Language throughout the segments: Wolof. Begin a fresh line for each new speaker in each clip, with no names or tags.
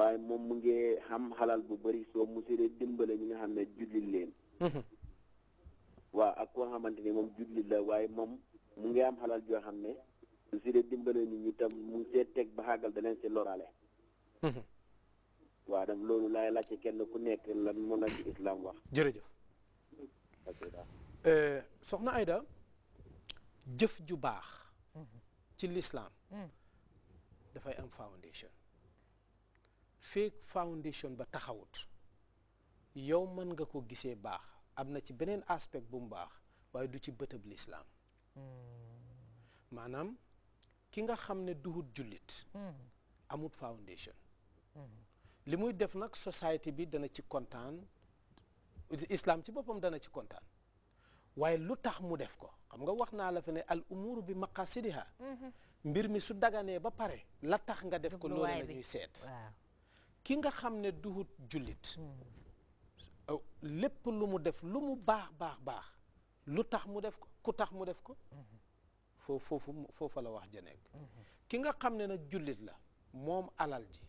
waaye moom mu ngi xam xalal bu bari soo mu siree dimbale ñi nga xam ne jullit leen mhm. waaw ak koo xamante ni moom jullit la waaye moom mu ngi am xalal joo xam ne su siree dimbale nit ñi tam mu ngi teg ba xàggal da si lorale mhm. waaw dam loolu laay laajte kenn ku nekk lan moom la ci islam wax
jërëjëf euh, soxna Ayda jëf ju baax mhm. ci lislaam dafay am foundation feek foundation ba taxawut yow mën nga ko gisee baax am na ci beneen aspect bu mu baax waaye du ci bëtëb lislaam hmm. maanaam ki nga xam ne duhut jullit hmm. amut foundation hmm. li muy def nag société bi dana ci kontaan islaam ci boppam dana ci kontaan waaye lu tax mu def ko xam nga wax naa la fi ne al umuru bi maqasidiha mbir mi su daganee ba pare la tax nga def ko loolu la seet ki nga xam ne duhut jullit hmm. euh, lépp lu mu def lu mu baax baax baax lu tax mu def ko ku tax mu def ko foofu hmm. foofu foofa la wax ja nekk hmm. ki nga xam ne nag jullit la moom alal ji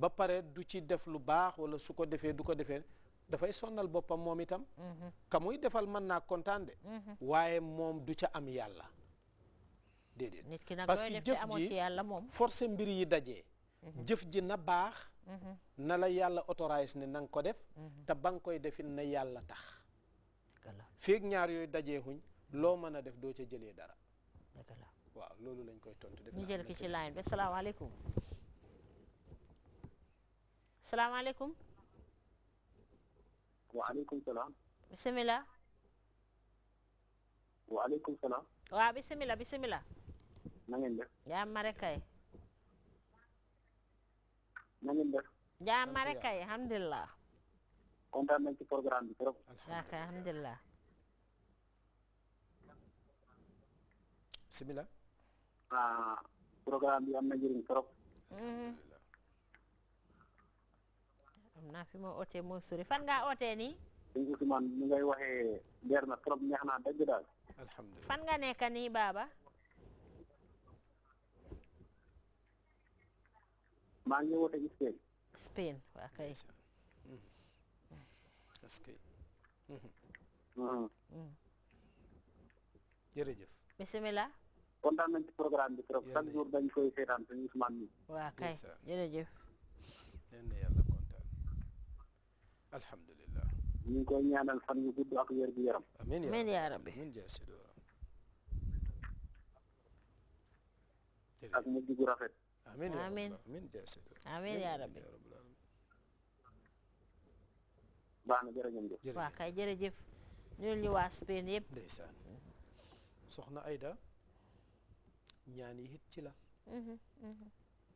ba pare du ci def lu baax wala su ko defee du ko defee dafay sonnal boppam moom itam ka muy defal mën naa kontaan de waaye moom du ca am yàlla déedéet parce que yàlla moom forcé mbir yi dajee Mhm. jëf ji na baax mhm. na la yàlla autorise ne na ko def mhm. te ba nga koy defin na yàlla tax feeg ñaar yooyu dajeexuñ loo mën a def doo ca jëlee dara waaw loolu lañ koy tontu def ñu jël ki ci line
bi salaamaaleykum
salaamaaleykum waaleykum salaam
bisimila
waaleykum salaam
waaw bisimila bisimila na ngeen def yaa ma rek kay na ngeen def. jaama rek kay alhamdulilah.
kontaan nañ ci programme bi trop.
Ah, alhamdulilah.
bisimilah. ah programme bi am na njëriñ trop. Mm-hmm.
am naa fi ma ote moo fan nga ote nii.
sëñ Ousmane ñu ngay waxee leer na neex naa dëgg daal.
alhamdulilah fan nga nekk nii baaba. maa ngi woote Spain. Spain waa kay. est-ce
mm-hmm. que. Ah. Mm-hmm. jërëjëf. bisimilah. kontaan nañ ci programme bi trop chaque jour dañ koy seetaan te ñu mi.
waa kay jërëjëf.
leen yàlla kontaan alhamdulilah. ñu ngi koy
ñaanal
fan yu gudd ak wér gu yaram. amiin yaa rabbi amiin yaa rabbi. ak mujj gu rafet. amin ya amin amin
amin ya rabbi
baax
na ñu waa Spain yëpp soxna Aida ñaan yi it ci la
mhm, mhm.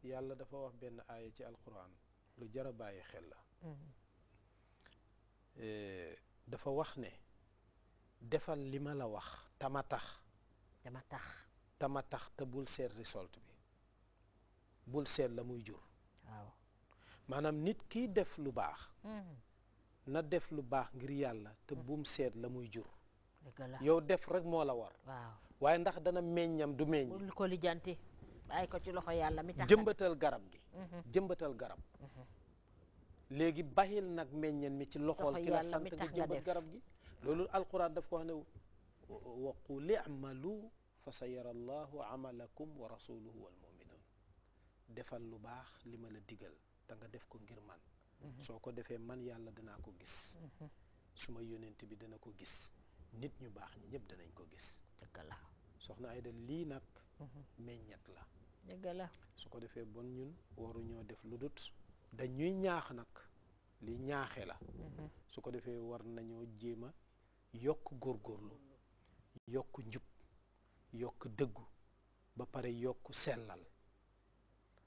yàlla dafa wax benn aaya ci alquran lu jar bàyyi xel la mhm. e, dafa wax ne defal li ma la wax tama tax tama tax te bul seet résolte bi bul seet la muy jur waaw maanaam nit kiy def lu baax mm-hmm. na def lu baax ngir yàlla te mm-hmm. bum seet la muy jur yow def rek moo la war waaye ndax dana meññam du meññ bul
ko lijjanti bàyyi ko ci loxo yàlla mi tax
jëmbatal garab gi mm-hmm. jëmbatal garab léegi baxil nag meññeen mi ci loxol ki la sant nga jëmbat garab gi loolu alquran daf ko wax ne wa qul fa sayara amalakum wa rasuluhu wal defal lu baax li ma la digal te nga def ko ngir man mhm. soo ko defee man yàlla danaa ko gis mhm. suma yonent bi dana ko gis nit ñu baax ñi ñëpp danañ ko gis dëgg la soxna lii nag mhm. meññet la su ko defee bon ñun waruñoo def lu dut dañuy ñaax nag li ñaaxe la su ko defee war nañoo jéem a yokk góorgóorlu yokk njub yokk dëggu ba pare yokk sellal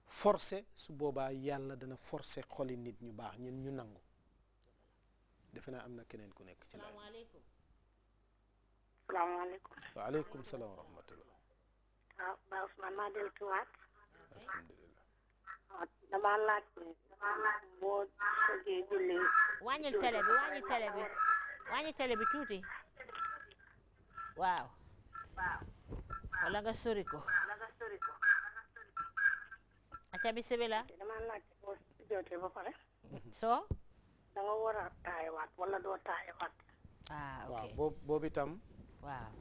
forcé su boobaa yàlla dana forcé xoli nit ñu baax ñun ñu nangu defe naa am na keneen ku nekk ci laaj
salaamaaleykum
waaleykum salaam wa rahmatullah
waaw ah, ba Ousmane maa del tuwaat alhamdulilah waaw ah, damaa laaj damaa laaj boo sogee julli wàññil télé bi wàññil télé bi wàññil télé bi tuuti waaw wala nga sori ko wala nga sori ko acca bisimilah. dama laajte boo jotee ba war a taayewaat wala doo taayewaat.
ah waaw boobu itam. waaw.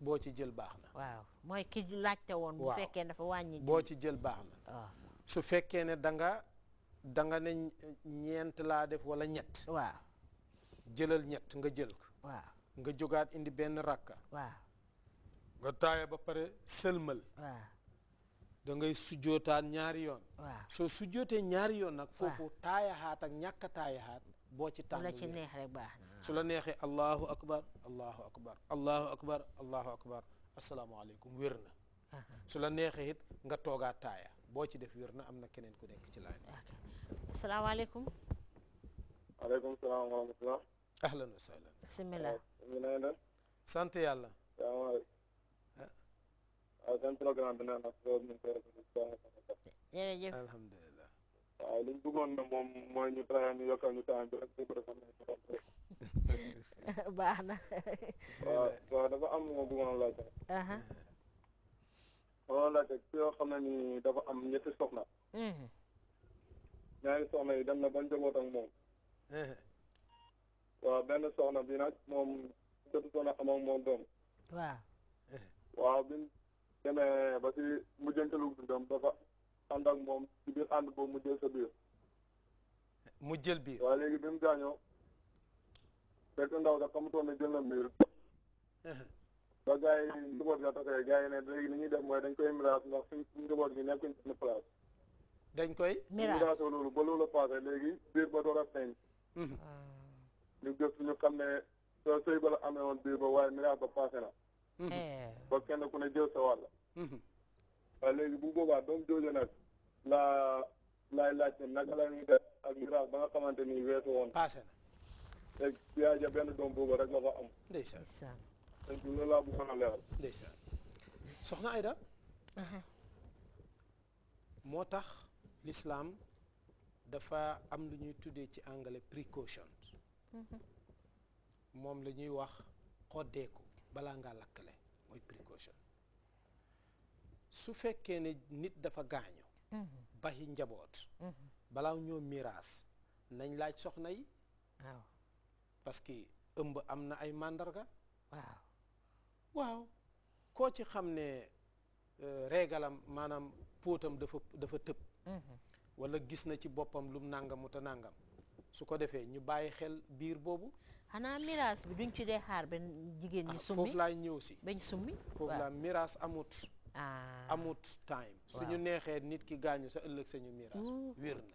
boo ci jël baax na. waaw
mooy ki laajte woon. bu fekkee dafa wàññi. boo ci
jël baax na. Ah. su fekkee ne danga nga da nga ne ñeent laa def wala ñett. waaw. jëlal ñett nga jël waaw nga jógaat indi benn rakka. waaw. nga taaye ba pare sëlmal. da ngay sujjootaan ñaari yoon. waaw soo sujjootee ñaari yoon nag. foofu taayaxaat ak ñàkk a taayaxaat. boo ci tànn ci neex rek baax na su la neexee allahu akbar allahu akbar allahu akbar allahu akbar asalaamaaleykum wér na. su la neexee it nga toogaat taaya boo ci def wér na am na keneen ku nekk ci laaj. asalaamaaleykum.
maaleykum salaam wa rahmatulah. ahlan wa sahlan. bisimilah. Euh, sant yàlla. waaw seen programme bi naan ak loolu ñu ngi
koy alhamdulilah
waaw li ñu na moom mooy ñu traité ñu yokkal ñu temps bi rek di ko defal baax na waaw waaw dafa am lu ma bëggoon laajte moo laajte ki yoo ni dafa am ñetti soxna ñaari soxna yi dem na ba njaboot ak moom waaw benn soxna bi na moom jotu soxna xam moom doom waaw waaw bi demee ba si mujjantalu dundam dafa ànd ak moom si biir ànd boobu mu jël sa biir. mu jël biir waaye léegi bi mu gaañoo fekk ndaw sax xamutoon ne jël na biir. ba gars yi njaboot ga tasee ne léegi li ñuy def mooy dañ koy miraas ndax suñ njaboot gi nekkuñ benn place.
dañ koy miraas ñu miraasoo
loolu ba loolu passé léegi biir ba door a feeñ. Ah. ñu gëstu ñu xam ne soo sëy ba la amee woon biir ba waaye miraas ba Mmh. Eh. ba kenn ku ne jël sa mmh. waaye léegi bu boobaa doom jooju nag laa laay laaj ne naka la def ak miraas ba nga xamante ni weesu woon passé na léegi yaay ja benn doom boobu rek la fa am ndeysaan donc
soxna Ayda moo tax l'islam dafa am lu ñuy tuddee ci anglais précaution mhm. moom la ñuy wax xoddeeku balaa ngaa lakkale mooy précaution su fekkee ne nit dafa gaañu mhm. baxi njaboot mhm. balaa ñoo miraas nañ laaj soxna yi waaw ëmb am na ay màndarga waaw koo ci xam ne euh, reegalam maanaam póotam dafa dafa tëb mhm. wala gis na ci boppam lum nàngam te nàngam su ko defee ñu bàyyi xel biir boobu xanaa miraas bi duñ ci dee xaar benn
jigéen ñi ah, summi foofu laay
ñëw si bañ summi foofu la miraas amut ah. amut time suñu neexee nit ki gaañu sa ëllëg sañu miraas wér
na